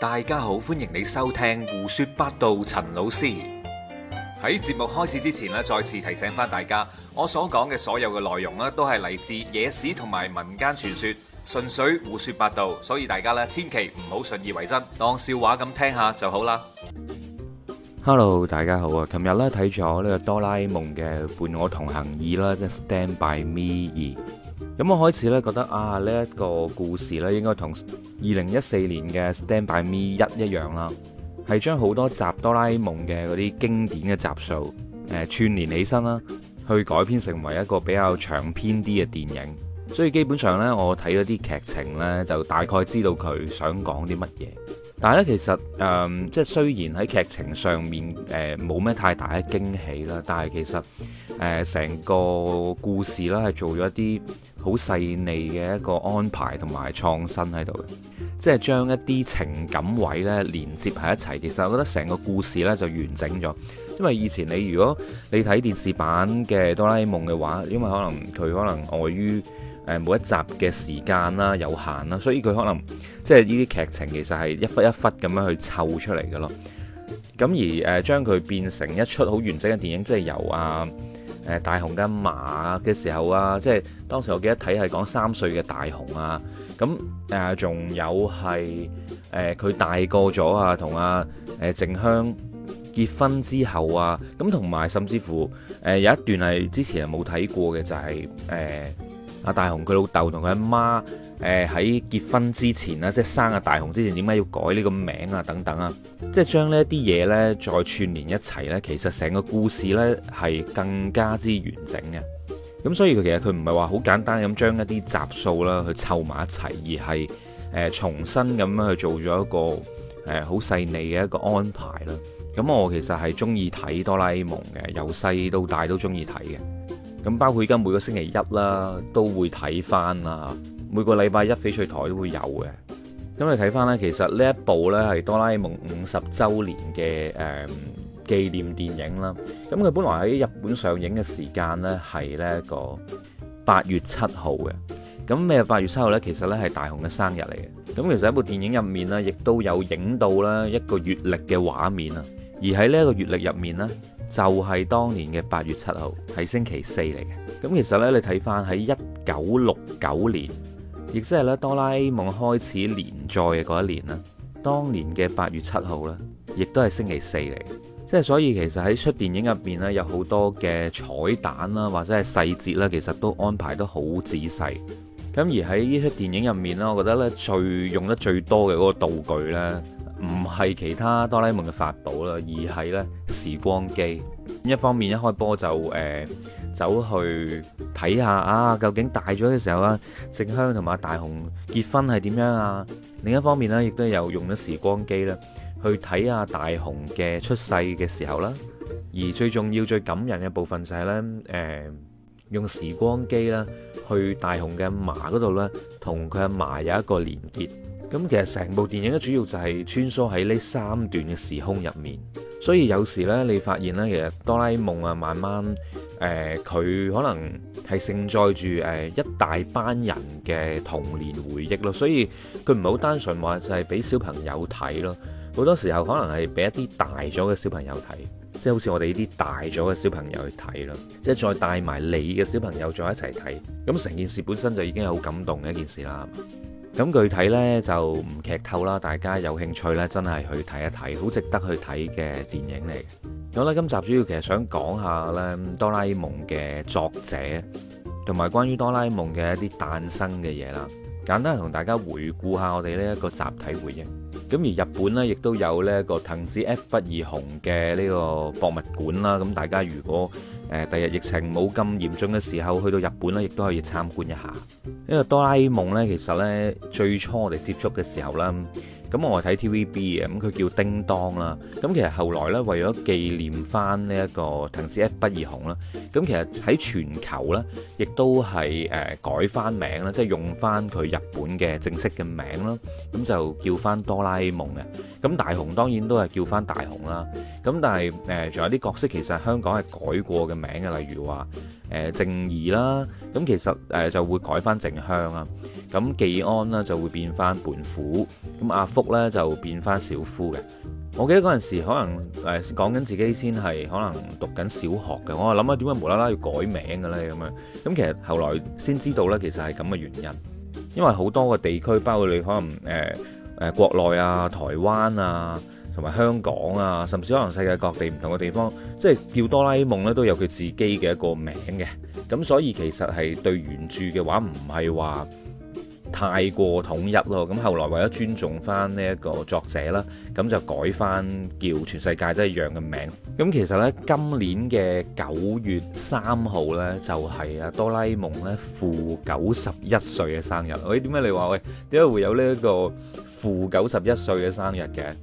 大家好，歡迎你收聽胡說八道。陳老師喺節目開始之前呢，再次提醒翻大家，我所講嘅所有嘅內容呢，都係嚟自野史同埋民間傳說，純粹胡說八道，所以大家呢，千祈唔好信以為真，當笑話咁聽下就好啦。Hello，大家好啊！琴日咧睇咗呢個哆啦 A 夢嘅伴我同行二啦，即 Stand by Me 二，咁我開始咧覺得啊，呢一個故事咧應該同。二零一四年嘅 Stand by Me 一一樣啦，係將好多集哆啦 A 夢嘅嗰啲經典嘅集數誒串連起身啦，去改編成為一個比較長篇啲嘅電影。所以基本上呢，我睇咗啲劇情呢，就大概知道佢想講啲乜嘢。但係咧，其實誒，即、嗯、係雖然喺劇情上面誒冇咩太大嘅驚喜啦，但係其實。誒成個故事啦，係做咗一啲好細膩嘅一個安排同埋創新喺度嘅，即係將一啲情感位呢連接喺一齊。其實我覺得成個故事呢就完整咗，因為以前你如果你睇電視版嘅哆啦 A 夢嘅話，因為可能佢可能礙於誒每一集嘅時間啦有限啦，所以佢可能即係呢啲劇情其實係一忽一忽咁樣去湊出嚟嘅咯。咁而誒將佢變成一出好完整嘅電影，即係由阿、啊誒大雄嘅馬嘅時候啊，即係當時我記得睇係講三歲嘅大雄啊，咁誒仲有係誒佢大個咗啊，同阿誒靜香結婚之後啊，咁同埋甚至乎誒有一段係之前係冇睇過嘅就係、是、誒。阿大雄佢老豆同佢阿媽，誒喺結婚之前啦，即係生阿大雄之前，點解要改呢個名啊？等等啊，即係將呢啲嘢呢再串連一齊呢，其實成個故事呢係更加之完整嘅。咁所以佢其實佢唔係話好簡單咁將一啲集數啦去湊埋一齊，而係誒重新咁樣去做咗一個誒好細膩嘅一個安排啦。咁我其實係中意睇哆啦 A 夢嘅，由細到大都中意睇嘅。咁包括而家每個星期一啦，都會睇翻啦。每個禮拜一翡翠台都會有嘅。咁你睇翻呢，其實呢一部呢係哆啦 A 夢五十週年嘅誒紀念電影啦。咁佢本來喺日本上映嘅時間呢，係呢個八月七號嘅。咁咩八月七號呢，其實呢係大雄嘅生日嚟嘅。咁其實喺部電影入面呢，亦都有影到啦一個月曆嘅畫面啊。而喺呢一個月曆入面呢，就係當年嘅八月七號，係星期四嚟嘅。咁其實呢，你睇翻喺一九六九年，亦即係咧《哆啦 A 夢》開始連載嘅嗰一年啦。當年嘅八月七號呢，亦都係星期四嚟嘅。即係所以其實喺出電影入面呢，有好多嘅彩蛋啦，或者係細節啦，其實都安排得好仔細。咁而喺呢出電影入面呢，我覺得呢最用得最多嘅嗰個道具呢。唔係其他哆啦 A 夢嘅法寶啦，而係呢時光機。一方面一開波就誒、呃、走去睇下啊，究竟大咗嘅時候啊，靜香同埋大雄結婚係點樣啊？另一方面呢，亦都有用咗時光機啦，去睇下大雄嘅出世嘅時候啦。而最重要、最感人嘅部分就係、是、呢，誒、呃，用時光機啦去大雄嘅阿媽嗰度啦，同佢阿媽有一個連結。咁其實成部電影咧，主要就係穿梭喺呢三段嘅時空入面，所以有時呢，你發現呢，其實哆啦 A 夢啊，慢慢誒，佢、呃、可能係盛載住誒一大班人嘅童年回憶咯，所以佢唔係好單純話就係俾小朋友睇咯，好多時候可能係俾一啲大咗嘅小朋友睇，即係好似我哋呢啲大咗嘅小朋友去睇咯，即係再帶埋你嘅小朋友再一齊睇，咁成件事本身就已經係好感動嘅一件事啦。咁具體呢就唔劇透啦，大家有興趣呢，真係去睇一睇，好值得去睇嘅電影嚟。咁啦，今集主要其實想講下咧，哆啦 A 夢嘅作者，同埋關於哆啦 A 夢嘅一啲誕生嘅嘢啦。簡單同大家回顧下我哋呢一個集體回憶。咁而日本呢，亦都有呢個藤子 F 不二雄嘅呢個博物館啦。咁大家如果誒第日，日疫情冇咁嚴重嘅時候，去到日本咧，亦都可以參觀一下。因為哆啦 A 夢呢，其實呢最初我哋接觸嘅時候啦，咁我係睇 TVB 嘅，咁佢叫叮當啦。咁其實後來呢，為咗紀念翻呢一個藤子 F 不二雄啦，咁其實喺全球呢亦都係改翻名啦，即係用翻佢日本嘅正式嘅名啦，咁就叫翻哆啦 A 夢嘅。咁大雄當然都係叫翻大雄啦，咁但係誒仲有啲角色其實香港係改過嘅名嘅，例如話誒靜怡啦，咁其實誒、呃、就會改翻靜香啦，咁技安啦就會變翻胖虎，咁阿福咧就會變翻小夫嘅。我記得嗰陣時可能誒、呃、講緊自己先係可能讀緊小學嘅，我係諗啊點解無啦啦要改名嘅咧咁啊？咁其實後來先知道咧，其實係咁嘅原因，因為好多個地區包括你可能誒。呃誒國內啊、台灣啊，同埋香港啊，甚至可能世界各地唔同嘅地方，即係叫哆啦 A 夢呢，都有佢自己嘅一個名嘅。咁所以其實係對原著嘅話，唔係話太過統一咯。咁後來為咗尊重翻呢一個作者啦，咁就改翻叫全世界都係一樣嘅名。咁其實呢，今年嘅九月三號呢，就係啊，哆啦 A 夢呢，負九十一歲嘅生日。喂，點解你話？喂，點解會有呢一個？負九十一歲嘅生日嘅，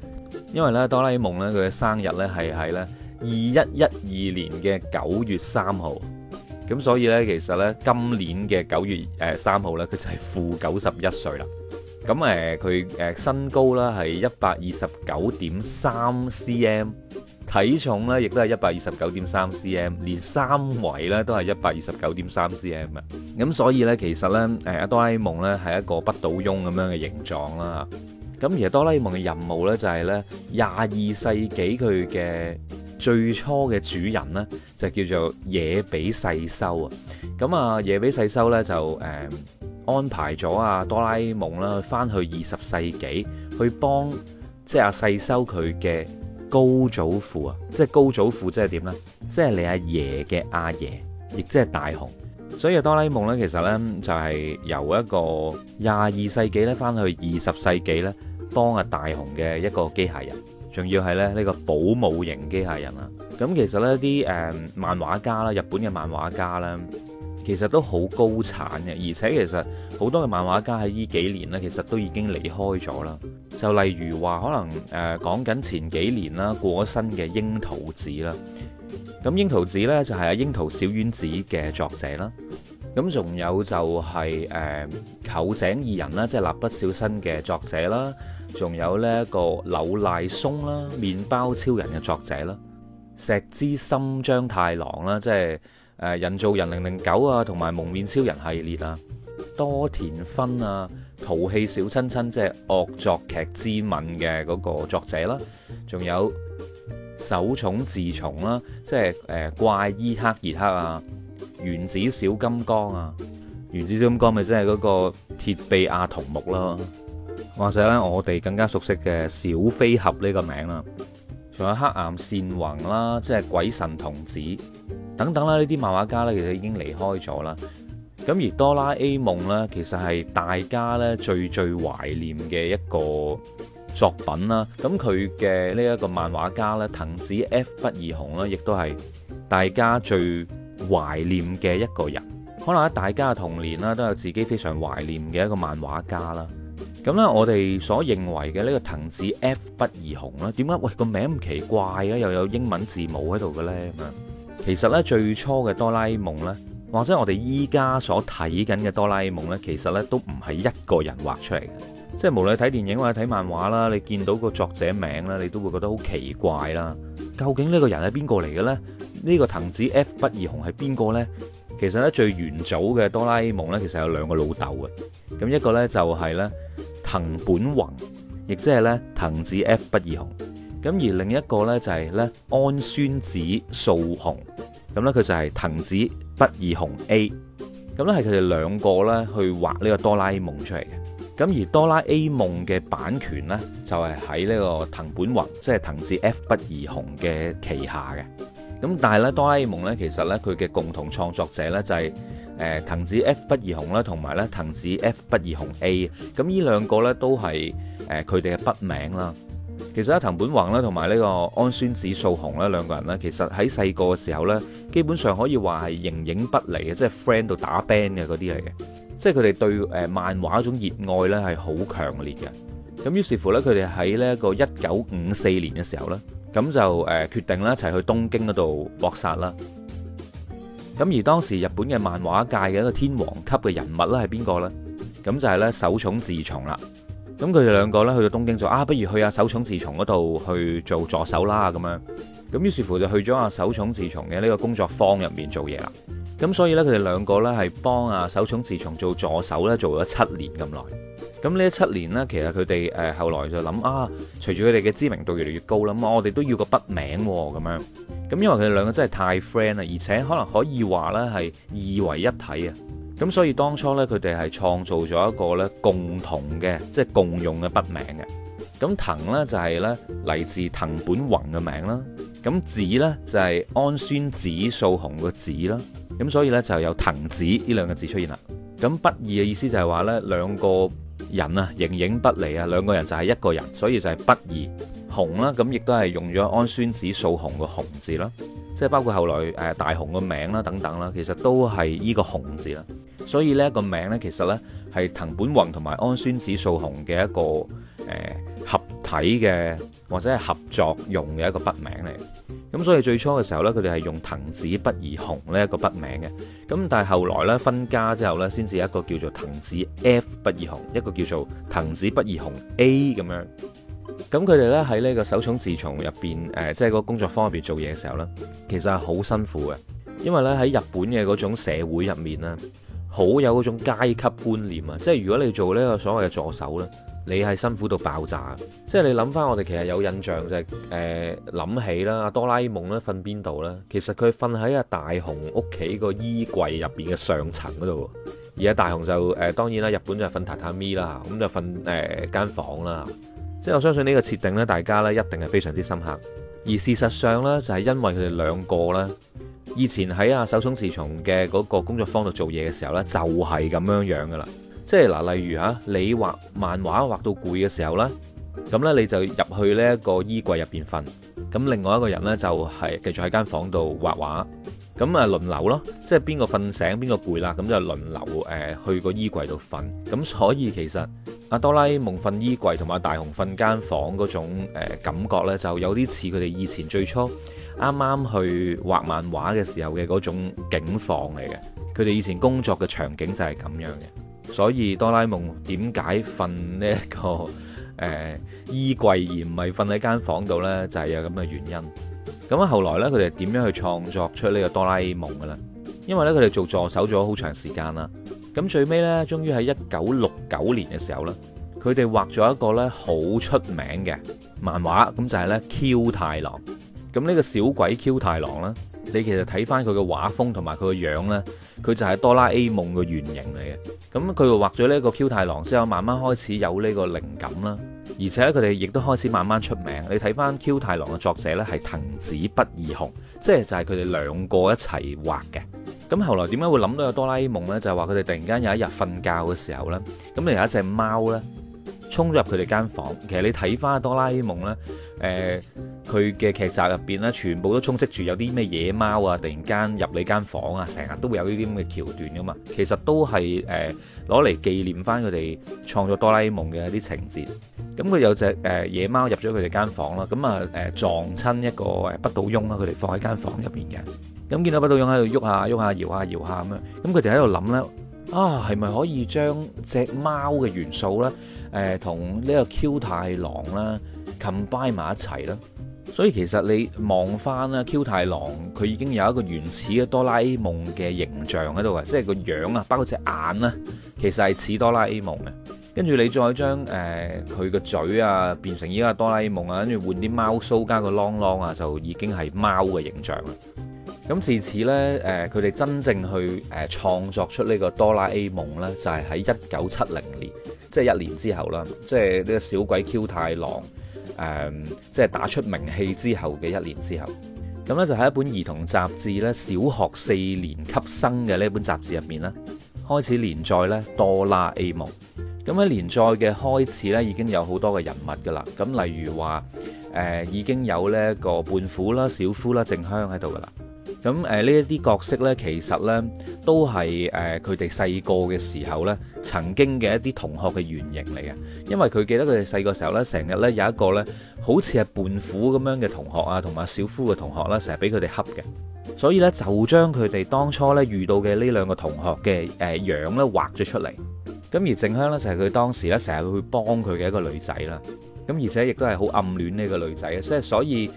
因為咧，哆啦 A 夢咧佢嘅生日咧係喺咧二一一二年嘅九月三號，咁所以咧，其實咧今年嘅九月誒三號咧佢就係負九十一歲啦，咁誒佢誒身高咧係一百二十九點三 cm。體重咧，亦都係一百二十九點三 cm，連三圍咧都係一百二十九點三 cm 啊！咁所以咧，其實咧，誒阿哆啦 A 夢咧係一個不倒翁咁樣嘅形狀啦。咁而阿哆啦 A 夢嘅任務咧就係咧，廿二世紀佢嘅最初嘅主人咧就叫做野比世修啊！咁啊，野比世修咧就誒安排咗阿哆啦 A 夢啦返去二十世紀去幫即係阿世修佢嘅。高祖父啊，即係高祖父，即係點呢？即係你阿爺嘅阿爺，亦即係大雄。所以哆啦 A 夢咧，其實呢，就係由一個廿二世紀咧翻去二十世紀咧幫阿大雄嘅一個機械人，仲要係咧呢個保姆型嘅機械人啊。咁其實呢啲誒漫畫家啦，日本嘅漫畫家咧。其實都好高產嘅，而且其實好多嘅漫畫家喺呢幾年呢，其實都已經離開咗啦。就例如話，可能誒講緊前幾年啦，過咗身嘅櫻桃子啦。咁櫻桃子呢，就係阿櫻桃小丸子嘅作者啦。咁仲有就係誒臼井儀人啦，即係蠟筆小新嘅作者啦。仲有呢一個柳瀨嵩啦，麵包超人嘅作者啦。石之森章太郎啦，即係。.誒，人造人零零九啊，同埋蒙面超人系列啊，多田薰啊，淘氣小親親即係惡作劇之吻嘅嗰個作者啦，仲有手冢治虫啦，即係誒怪醫黑傑克啊，原子小金剛啊，原子小金剛咪即係嗰個鐵臂阿童木咯，或者咧我哋更加熟悉嘅小飛俠呢個名啦，仲有黑岩善宏啦，即係鬼神童子。等等啦，呢啲漫畫家呢，其實已經離開咗啦。咁而《哆啦 A 夢》呢，其實係大家呢最最懷念嘅一個作品啦。咁佢嘅呢一個漫畫家呢，藤子 F 不二雄呢，亦都係大家最懷念嘅一個人。可能喺大家嘅童年啦，都有自己非常懷念嘅一個漫畫家啦。咁呢，我哋所認為嘅呢個藤子 F 不二雄呢，點解喂個名咁奇怪嘅，又有英文字母喺度嘅咧？其實咧，最初嘅哆啦 A 夢咧，或者我哋依家所睇緊嘅哆啦 A 夢咧，其實咧都唔係一個人畫出嚟嘅。即係無論睇電影或者睇漫畫啦，你見到個作者名啦，你都會覺得好奇怪啦。究竟呢個人係邊個嚟嘅呢？呢個藤子 F 不二雄係邊個呢？其實咧，最元祖嘅哆啦 A 夢咧，其實有兩個老豆嘅。咁一個呢，就係咧藤本弘，亦即係咧藤子 F 不二雄。咁而另一個咧就係咧安孫子素雄，咁咧佢就係藤子不二雄 A，咁咧係佢哋兩個咧去畫呢個哆啦 A 夢出嚟嘅。咁而哆啦 A 夢嘅版權咧就係喺呢個藤本宏，即係藤子 F 不二雄嘅旗下嘅。咁但係咧哆啦 A 夢咧其實咧佢嘅共同創作者咧就係誒藤子 F 不二雄啦，同埋咧藤子 F 不二雄 A。咁呢兩個咧都係誒佢哋嘅筆名啦。其實咧，藤本宏咧同埋呢個安孫子素雄咧兩個人咧，其實喺細個嘅時候咧，基本上可以話係形影不離嘅，即係 friend 到打 band 嘅嗰啲嚟嘅，即係佢哋對誒漫畫一種熱愛咧係好強烈嘅。咁於是乎咧，佢哋喺呢個一九五四年嘅時候咧，咁就誒決定咧一齊去東京嗰度搏殺啦。咁而當時日本嘅漫畫界嘅一個天皇級嘅人物咧係邊個呢？咁就係咧手塚治虫啦。咁佢哋兩個呢去到東京做啊，不如去啊手塚治蟲嗰度去做助手啦咁樣。咁於是乎就去咗啊手塚治蟲嘅呢個工作坊入面做嘢啦。咁所以呢，佢哋兩個呢係幫啊手塚治蟲做助手呢做咗七年咁耐。咁呢七年呢，其實佢哋誒後來就諗啊，隨住佢哋嘅知名度越嚟越高啦，咁我哋都要個筆名喎，哦、咁樣。咁因為佢哋兩個真係太 friend 啦，而且可能可以話呢係二為一體啊。咁所以當初呢，佢哋係創造咗一個呢共同嘅，即係共用嘅筆名嘅。咁藤呢，就係呢嚟自藤本弘嘅名啦。咁子呢，就係安孫子素雄嘅子啦。咁所以呢，就有藤子呢兩個字出現啦。咁不二嘅意思就係話呢，兩個人啊，形影不離啊，兩個人就係一個人，所以就係不二。雄啦，咁亦都係用咗安孫子素雄嘅雄字啦，即係包括後來大雄嘅名啦等等啦，其實都係呢個雄字啦。所以呢個名呢，其實呢係藤本宏同埋安孫子素雄嘅一個誒、呃、合體嘅或者係合作用嘅一個筆名嚟。咁所以最初嘅時候呢，佢哋係用藤子不二雄呢一個筆名嘅。咁但係後來呢，分家之後呢，先至一個叫做藤子 F 不二雄，一個叫做藤子不二雄 A 咁樣。咁佢哋呢喺呢個手塚治虫入邊誒，即係個工作坊入邊做嘢嘅時候呢，其實係好辛苦嘅，因為呢喺日本嘅嗰種社會入面咧。好有嗰種階級觀念啊！即係如果你做呢個所謂嘅助手呢，你係辛苦到爆炸嘅。即係你諗翻我哋其實有印象就係誒諗起啦，阿哆啦 A 夢呢瞓邊度呢？其實佢瞓喺阿大雄屋企個衣櫃入邊嘅上層嗰度，而家大雄就誒、呃、當然啦，日本就瞓榻榻米啦，咁就瞓誒間房啦。即係我相信呢個設定呢，大家呢一定係非常之深刻。而事實上呢，就係、是、因為佢哋兩個咧。以前喺啊手塚治虫嘅嗰個工作坊度做嘢嘅時候呢，就係咁樣樣噶啦，即係嗱，例如吓，你畫漫畫畫到攰嘅時候呢，咁呢你就入去呢一個衣櫃入邊瞓，咁另外一個人呢，就係繼續喺間房度畫畫，咁啊輪流咯，即係邊個瞓醒邊個攰啦，咁就輪流誒去個衣櫃度瞓，咁所以其實阿哆啦 A 夢瞓衣櫃同埋大雄瞓間房嗰種感覺呢，就有啲似佢哋以前最初。啱啱去畫漫畫嘅時候嘅嗰種景況嚟嘅，佢哋以前工作嘅場景就係咁樣嘅，所以哆啦 A 夢點解瞓呢一個誒、呃、衣櫃而唔係瞓喺間房度呢？就係、是、有咁嘅原因。咁啊後來咧，佢哋點樣去創作出這個多拉呢個哆啦 A 夢嘅啦？因為呢，佢哋做助手咗好長時間啦，咁最尾呢，終於喺一九六九年嘅時候呢，佢哋畫咗一個呢好出名嘅漫畫，咁就係呢 Q 太郎。咁呢個小鬼 Q 太郎呢，你其實睇翻佢嘅畫風同埋佢個樣呢，佢就係哆啦 A 夢嘅原型嚟嘅。咁佢畫咗呢個 Q 太郎之後，慢慢開始有呢個靈感啦。而且佢哋亦都開始慢慢出名。你睇翻 Q 太郎嘅作者呢，係藤子不二雄，即係就係佢哋兩個一齊畫嘅。咁後來點解會諗到有哆啦 A 夢呢？就係話佢哋突然間有一日瞓覺嘅時候呢，咁你有一隻貓呢。衝入佢哋間房，其實你睇翻《哆啦 A 夢》呢，誒佢嘅劇集入面呢，全部都充斥住有啲咩野貓啊，突然間入你間房啊，成日都會有呢啲咁嘅橋段噶嘛。其實都係誒攞嚟紀念翻佢哋創作《哆啦 A 夢》嘅一啲情節。咁、嗯、佢有隻、呃、野貓入咗佢哋間房啦，咁啊誒撞親一個誒不倒翁啦，佢哋放喺間房入面嘅。咁、嗯、見到不倒翁喺度喐下喐下，下，搖下搖下咁樣，咁佢哋喺度諗呢，啊，係咪可以將隻貓嘅元素呢？誒同呢個 Q 太郎啦 combine 埋一齊啦，所以其實你望翻啦，Q 太郎佢已經有一個原始嘅哆啦 A 夢嘅形象喺度啊，即係個樣啊，包括隻眼啊，其實係似哆啦 A 夢嘅。跟住你再將誒佢個嘴啊變成依家哆啦 A 夢啊，跟住換啲貓須加個啷啷啊，就已經係貓嘅形象啦。咁自此呢佢哋真正去創作出呢個哆啦 A 夢呢就係喺一九七零年，即係一年之後啦，即係呢個小鬼 Q 太郎誒、即係打出名氣之後嘅一年之後。咁呢，就喺一本兒童雜誌呢小學四年級生嘅呢一本雜誌入面咧，開始連載呢「哆啦 A 夢」。咁喺連載嘅開始呢已經有好多嘅人物噶啦。咁例如話、呃、已經有呢個胖虎啦、小夫啦、靜香喺度噶啦。咁呢一啲角色呢，其實呢都係佢哋細個嘅時候呢曾經嘅一啲同學嘅原型嚟嘅，因為佢記得佢哋細個時候呢成日呢有一個呢好似係胖虎咁樣嘅同學啊，同埋小夫嘅同學呢成日俾佢哋恰嘅，所以呢，就將佢哋當初呢遇到嘅呢兩個同學嘅誒樣呢畫咗出嚟。咁而靜香呢，就係佢當時呢成日會幫佢嘅一個女仔啦。咁而且亦都係好暗戀呢個女仔嘅，所以所以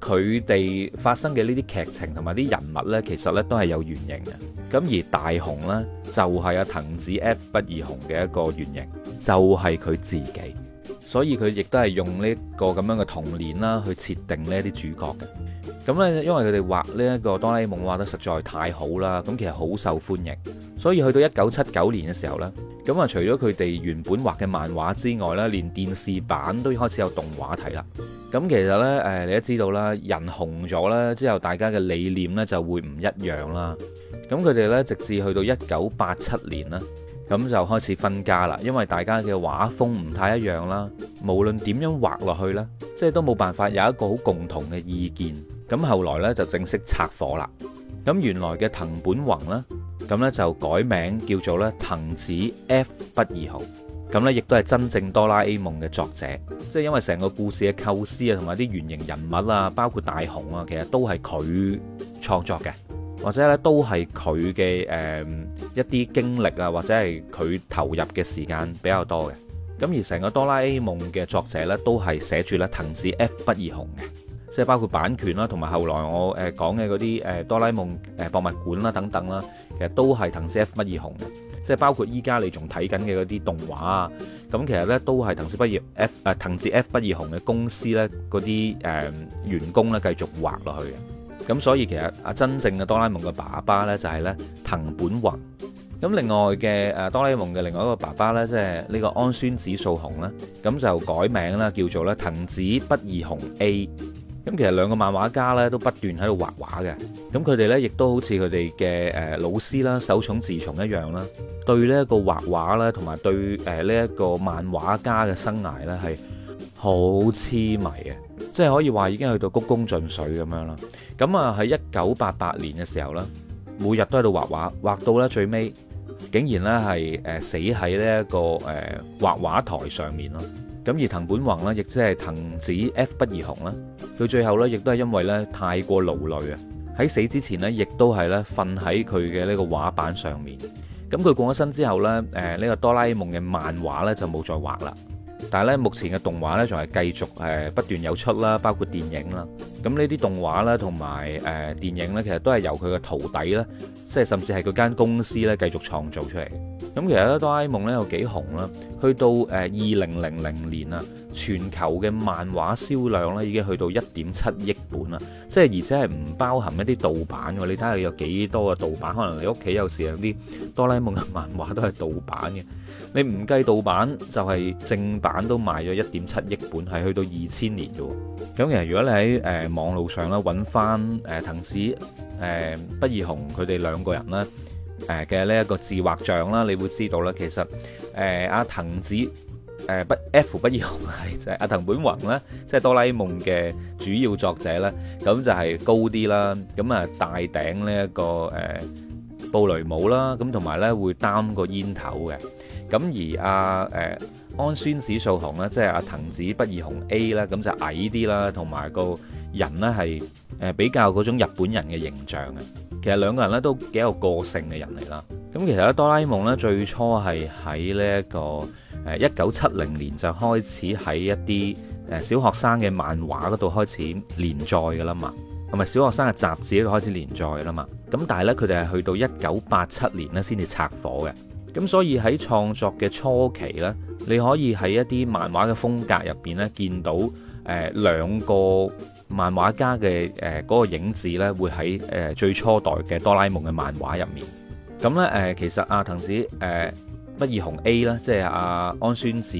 佢哋發生嘅呢啲劇情同埋啲人物呢，其實呢都係有原型嘅。咁而大雄呢，就係阿藤子 F 不二雄嘅一個原型，就係佢自己。所以佢亦都係用呢個咁樣嘅童年啦，去設定呢啲主角嘅。咁咧，因為佢哋畫呢一個哆啦 A 夢畫得實在太好啦，咁其實好受歡迎，所以去到一九七九年嘅時候呢，咁啊除咗佢哋原本畫嘅漫畫之外呢，連電視版都開始有動畫睇啦。咁其實呢，誒你都知道啦，人紅咗咧之後，大家嘅理念呢就會唔一樣啦。咁佢哋呢，直至去到一九八七年啦。咁就開始分家啦，因為大家嘅畫風唔太一樣啦。無論點樣畫落去啦，即係都冇辦法有一個好共同嘅意見。咁後來呢，就正式拆火啦。咁原來嘅藤本弘啦，咁呢就改名叫做藤子 F 不二雄。咁呢，亦都係真正哆啦 A 夢嘅作者，即係因為成個故事嘅構思啊，同埋啲原型人物啊，包括大雄啊，其實都係佢創作嘅。或者咧都係佢嘅誒一啲經歷啊，或者係佢投入嘅時間比較多嘅。咁而成個哆啦 A 夢嘅作者呢，都係寫住咧藤子 F 不二雄嘅，即係包括版權啦，同埋後來我誒講嘅嗰啲誒哆啦 A 夢誒博物館啦等等啦，其實都係藤子 F 不二雄嘅。即係包括依家你仲睇緊嘅嗰啲動畫啊，咁其實呢，都係藤子不二 F 誒藤子 F 不二雄嘅公司呢，嗰啲誒員工呢，繼續畫落去嘅。咁所以其實阿真正嘅哆啦 A 夢嘅爸爸呢，就係呢藤本弘，咁另外嘅誒哆啦 A 夢嘅另外一個爸爸呢，即係呢個安孫子素雄啦，咁就改名啦叫做呢藤子不二雄 A，咁其實兩個漫畫家呢，都不斷喺度畫畫嘅，咁佢哋呢，亦都好似佢哋嘅誒老師啦，手塚治虫一樣啦，對呢一個畫畫呢，同埋對誒呢一個漫畫家嘅生涯呢，係，好痴迷呀，即係可以話已經去到鞠躬盡瘁咁樣啦。咁啊喺一九八八年嘅時候啦，每日都喺度畫畫，畫到咧最尾，竟然咧係誒死喺呢一個誒畫畫台上面咯。咁而藤本弘咧，亦即係藤子 F 不二雄啦，佢最後咧，亦都係因為咧太過勞累啊。喺死之前咧，亦都係咧瞓喺佢嘅呢個畫板上面。咁佢過咗身之後咧，誒、呃這個、呢個哆啦 A 夢嘅漫畫咧就冇再畫啦。但係咧，目前嘅動畫咧仲係繼續誒不斷有出啦，包括電影啦。咁呢啲動畫啦同埋誒電影咧，其實都係由佢嘅徒弟咧，即係甚至係佢間公司咧繼續創造出嚟嘅。咁其實咧，哆啦 A 夢咧有幾紅啦，去到誒二零零零年啊，全球嘅漫畫銷量咧已經去到一點七億本啊，即係而且係唔包含一啲盜版嘅，你睇下有幾多啊盜版？可能你屋企有時有啲哆啦 A 夢嘅漫畫都係盜版嘅，你唔計盜版就係、是、正版都賣咗一點七億本，係去到二千年嘅。咁其實如果你喺誒網路上咧揾翻誒藤子誒、呃、不二雄佢哋兩個人咧。誒嘅呢一個自畫像啦，你會知道啦。其實誒阿、呃啊、藤子誒不、呃、F 不二雄係就係、是、阿、啊、藤本宏咧，即係哆啦 A 夢嘅主要作者咧。咁就係高啲啦，咁啊大頂呢、這、一個誒、呃、布雷帽啦，咁同埋咧會擔個煙頭嘅。咁而阿、啊、誒、呃、安孫子素雄咧，即係阿藤子不二雄 A 啦。咁就矮啲啦，同埋個人咧係誒比較嗰種日本人嘅形象啊。其實兩個人咧都幾有個性嘅人嚟啦。咁其實咧，哆啦 A 夢咧最初係喺呢一個誒一九七零年就開始喺一啲誒小學生嘅漫畫嗰度開始連載㗎喇嘛，同埋小學生嘅雜誌嗰度開始連載㗎喇嘛。咁但係咧，佢哋係去到一九八七年咧先至拆夥嘅。咁所以喺創作嘅初期咧，你可以喺一啲漫畫嘅風格入邊咧見到誒兩個。漫畫家嘅誒嗰個影子咧，會喺誒最初代嘅哆啦 A 夢嘅漫畫入面。咁咧誒，其實阿、啊、藤子誒不二雄 A 啦、啊，即係阿安孫子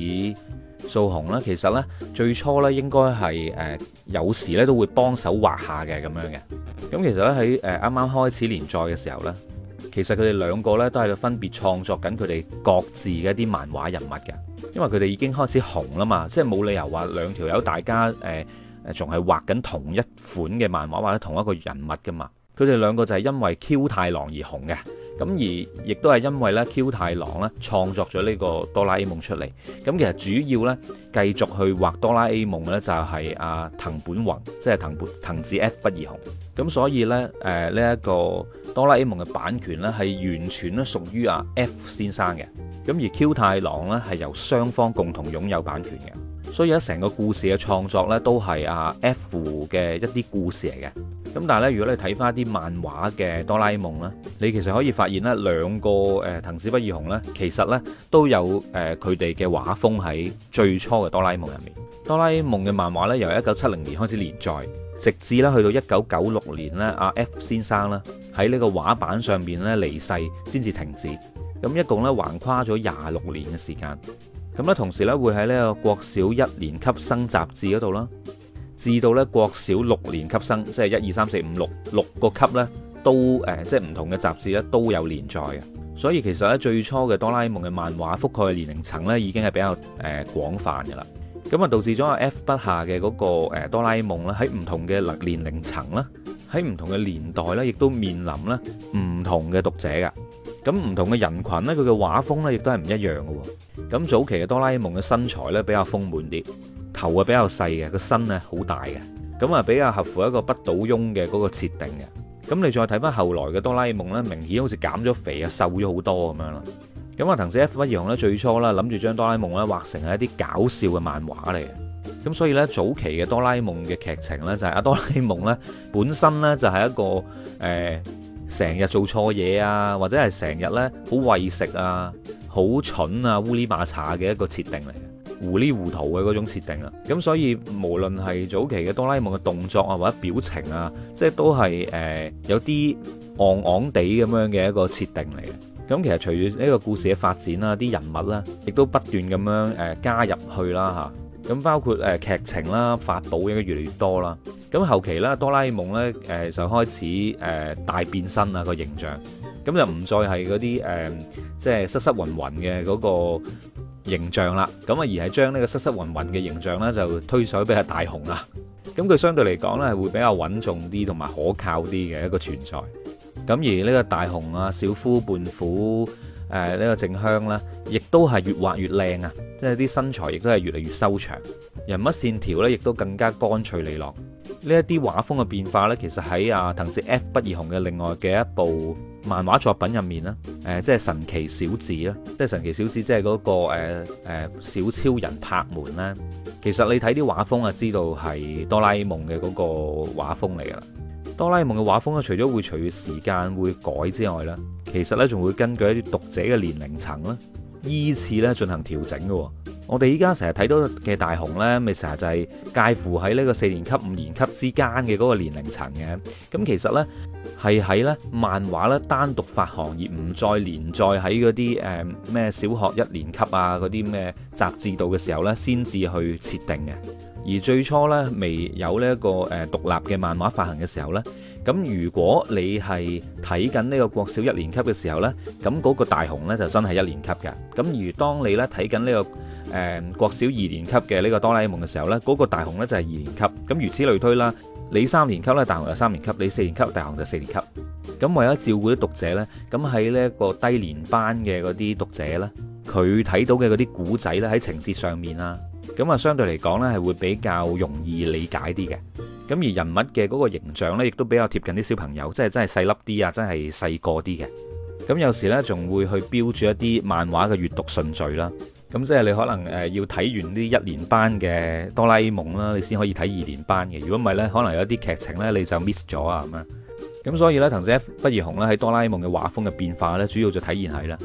素雄啦，其實咧最初咧應該係誒有時咧都會幫手畫下嘅咁樣嘅。咁其實咧喺誒啱啱開始連載嘅時候咧，其實佢哋兩個咧都係分別創作緊佢哋各自嘅一啲漫畫人物嘅，因為佢哋已經開始紅啦嘛，即係冇理由話兩條友大家誒。呃誒仲係畫緊同一款嘅漫畫或者同一個人物噶嘛？佢哋兩個就係因為 Q 太郎而紅嘅，咁而亦都係因為咧 Q 太郎咧創作咗呢、這個哆啦 A 夢出嚟。咁其實主要咧繼續去畫哆啦 A 夢咧就係、是、阿、啊、藤本弘，即係藤本藤子 F 不二雄。咁所以咧誒呢一、這個哆啦 A 夢嘅版權咧係完全咧屬於阿 F 先生嘅。咁而 Q 太郎咧係由雙方共同擁有版權嘅。所以咧，成個故事嘅創作呢，都係阿 F 嘅一啲故事嚟嘅。咁但係咧，如果你睇翻啲漫畫嘅哆啦 A 夢咧，你其實可以發現呢兩個誒藤子不二雄呢，其實呢都有誒佢哋嘅畫風喺最初嘅哆啦 A 夢入面。哆啦 A 夢嘅漫畫呢，由一九七零年開始連載，直至咧去到一九九六年呢，阿 F 先生呢喺呢個畫板上面呢離世，先至停止。咁一共呢，橫跨咗廿六年嘅時間。咁咧，同時咧會喺呢個國小一年級生雜誌嗰度啦，至到咧國小六年級生，即係一二三四五六六個級咧，都誒即係唔同嘅雜誌咧都有連載嘅。所以其實咧最初嘅哆啦 A 夢嘅漫畫覆蓋嘅年齡層咧已經係比較誒廣泛㗎啦。咁啊導致咗阿 F 筆下嘅嗰個誒哆啦 A 夢咧喺唔同嘅年齡層啦，喺唔同嘅年代咧亦都面臨咧唔同嘅讀者㗎。咁唔同嘅人群呢，佢嘅畫風呢，亦都係唔一樣嘅。咁早期嘅哆啦 A 夢嘅身材呢，比較豐滿啲，頭啊比較細嘅，個身呢好大嘅。咁啊，比較合乎一個不倒翁嘅嗰個設定嘅。咁你再睇翻後來嘅哆啦 A 夢呢，明顯好似減咗肥啊，瘦咗好多咁樣咯。咁啊，藤子 F 不二雄呢，最初呢諗住將哆啦 A 夢呢畫成係一啲搞笑嘅漫畫嚟嘅。咁所以呢，早期嘅哆啦 A 夢嘅劇情呢，就係阿哆啦 A 夢呢本身呢，就係、是、一個誒。呃成日做錯嘢啊，或者係成日呢，好餵食啊，好蠢啊烏哩馬茶嘅一個設定嚟嘅，糊哩糊塗嘅嗰種設定啊。咁所以無論係早期嘅哆啦 A 夢嘅動作啊或者表情啊，即係都係、呃、有啲昂昂地咁樣嘅一個設定嚟嘅。咁其實隨住呢個故事嘅發展啦，啲人物啊，亦都不斷咁樣呃加入去啦吓咁包括誒、呃、劇情啦、法寶應該越嚟越多啦。咁後期啦，多拉《哆啦 A 夢》咧誒，就開始誒、呃、大變身啊、那個形象，咁就唔再係嗰啲誒即係失失雲雲嘅嗰個形象啦。咁啊，而係將呢個失失雲雲嘅形象咧就推水俾阿大雄啊。咁佢相對嚟講咧係會比較穩重啲同埋可靠啲嘅一個存在。咁而呢個大雄啊、小夫半、胖虎。誒呢個靜香咧，亦都係越畫越靚啊！即係啲身材亦都係越嚟越修長，人物線條咧亦都更加乾脆利落。呢一啲畫風嘅變化呢，其實喺啊藤子 F 不二雄嘅另外嘅一部漫畫作品入面啦，誒即係神奇小子啦，即係神奇小子即係嗰、那個誒、啊啊、小超人拍門啦。其實你睇啲畫風就知道係哆啦 A 夢嘅嗰個畫風嚟㗎喇。哆啦 A 夢嘅畫風咧，除咗會隨住時間會改之外咧，其實咧仲會根據一啲讀者嘅年齡層咧，依次咧進行調整嘅。我哋依家成日睇到嘅大雄咧，咪成日就係介乎喺呢個四年級五年級之間嘅嗰個年齡層嘅。咁其實咧係喺咧漫畫咧單獨發行而唔再連載喺嗰啲誒咩小學一年級啊嗰啲咩雜誌度嘅時候咧，先至去設定嘅。而最初咧未有呢一個誒獨立嘅漫畫發行嘅時候呢，咁如果你係睇緊呢個國小一年級嘅時候呢，咁嗰個大雄呢，就真係一年級嘅。咁而當你咧睇緊呢個誒、呃、國小二年級嘅呢個哆啦 A 夢嘅時候呢，嗰、嗰個大雄呢，就係二年級。咁如此類推啦，你三年級呢，大雄就是三年級，你四年級，大雄就是四年級。咁為咗照顧啲讀者呢，咁喺呢一個低年班嘅嗰啲讀者呢，佢睇到嘅嗰啲古仔呢，喺情節上面啊～咁啊，相對嚟講呢係會比較容易理解啲嘅。咁而人物嘅嗰個形象呢，亦都比較貼近啲小朋友，即係真係細粒啲啊，真係細個啲嘅。咁有時呢，仲會去標註一啲漫畫嘅閱讀順序啦。咁即係你可能誒要睇完呢一年班嘅哆啦 A 夢啦，你先可以睇二年班嘅。如果唔係呢，可能有一啲劇情呢，你就 miss 咗啊咁啊。咁所以呢，藤子不二雄咧喺哆啦 A 夢嘅畫風嘅變化呢，主要就體現喺咧。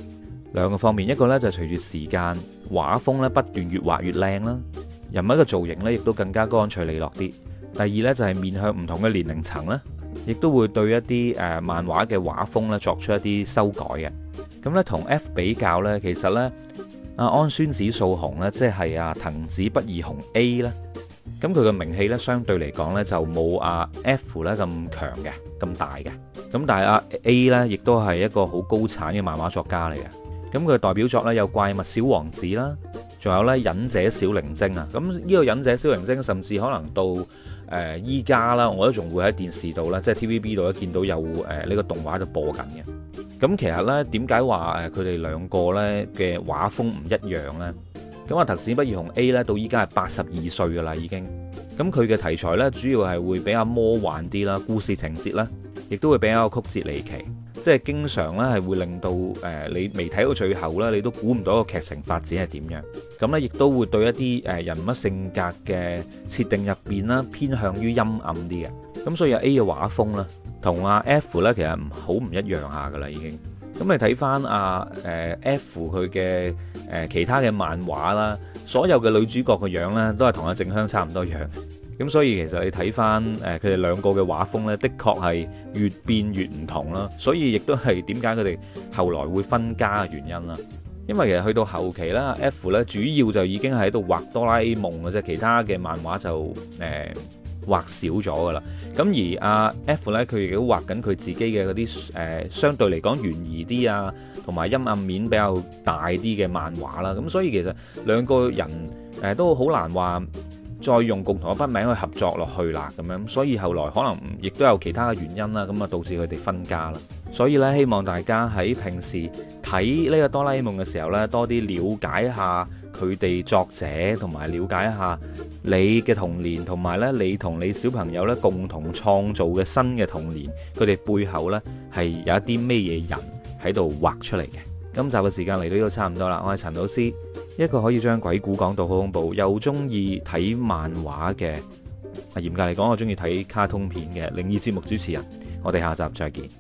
兩個方面，一個咧就係隨住時間畫風咧不斷越畫越靚啦，人物嘅造型咧亦都更加乾脆利落啲。第二咧就係面向唔同嘅年齡層啦，亦都會對一啲誒漫畫嘅畫風咧作出一啲修改嘅。咁咧同 F 比較咧，其實咧阿安孫子素雄咧，即係阿藤子不二雄 A 啦。咁佢嘅名氣咧相對嚟講咧就冇阿 F 咧咁強嘅咁大嘅。咁但係阿 A 咧，亦都係一個好高產嘅漫畫作家嚟嘅。咁佢代表作咧有怪物小王子啦，仲有咧忍者小靈精啊。咁呢個忍者小靈精甚至可能到誒依家啦，我都仲會喺電視度啦即係 TVB 度都見到有呃呢個動畫就播緊嘅。咁其實呢，點解話佢哋兩個呢嘅畫風唔一樣呢？咁阿藤子不二雄 A 呢，到依家係八十二歲噶啦已經，咁佢嘅題材呢，主要係會比較魔幻啲啦，故事情節啦，亦都會比較曲折離奇。即係經常咧係會令到誒你未睇到最後咧，你都估唔到個劇情發展係點樣。咁咧亦都會對一啲誒人物性格嘅設定入邊啦，偏向於陰暗啲嘅。咁所以阿 A 嘅畫風咧，同阿 F 咧其實唔好唔一樣下噶啦已經。咁你睇翻阿誒 F 佢嘅誒其他嘅漫畫啦，所有嘅女主角嘅樣咧，都係同阿靜香差唔多樣。咁所以其實你睇翻誒佢哋兩個嘅畫風呢，的確係越變越唔同啦。所以亦都係點解佢哋後來會分家嘅原因啦。因為其實去到後期啦，F 呢主要就已經喺度畫哆啦 A 夢嘅啫，其他嘅漫畫就誒畫、呃、少咗噶啦。咁而阿 F 呢，佢亦都畫緊佢自己嘅嗰啲誒，相對嚟講懸疑啲啊，同埋陰暗面比較大啲嘅漫畫啦。咁所以其實兩個人誒都好難話。再用共同嘅筆名去合作落去啦，咁樣，所以後來可能亦都有其他嘅原因啦，咁啊導致佢哋分家啦。所以呢，希望大家喺平時睇呢個哆啦 A 夢嘅時候呢，多啲了解下佢哋作者，同埋了解一下你嘅童年，同埋呢你同你小朋友呢共同創造嘅新嘅童年，佢哋背後呢，係有一啲咩嘢人喺度畫出嚟嘅。今集嘅時間嚟到呢度差唔多啦，我係陳老師。一個可以將鬼故講到好恐怖，又中意睇漫畫嘅，啊嚴格嚟講，我中意睇卡通片嘅靈異節目主持人，我哋下集再見。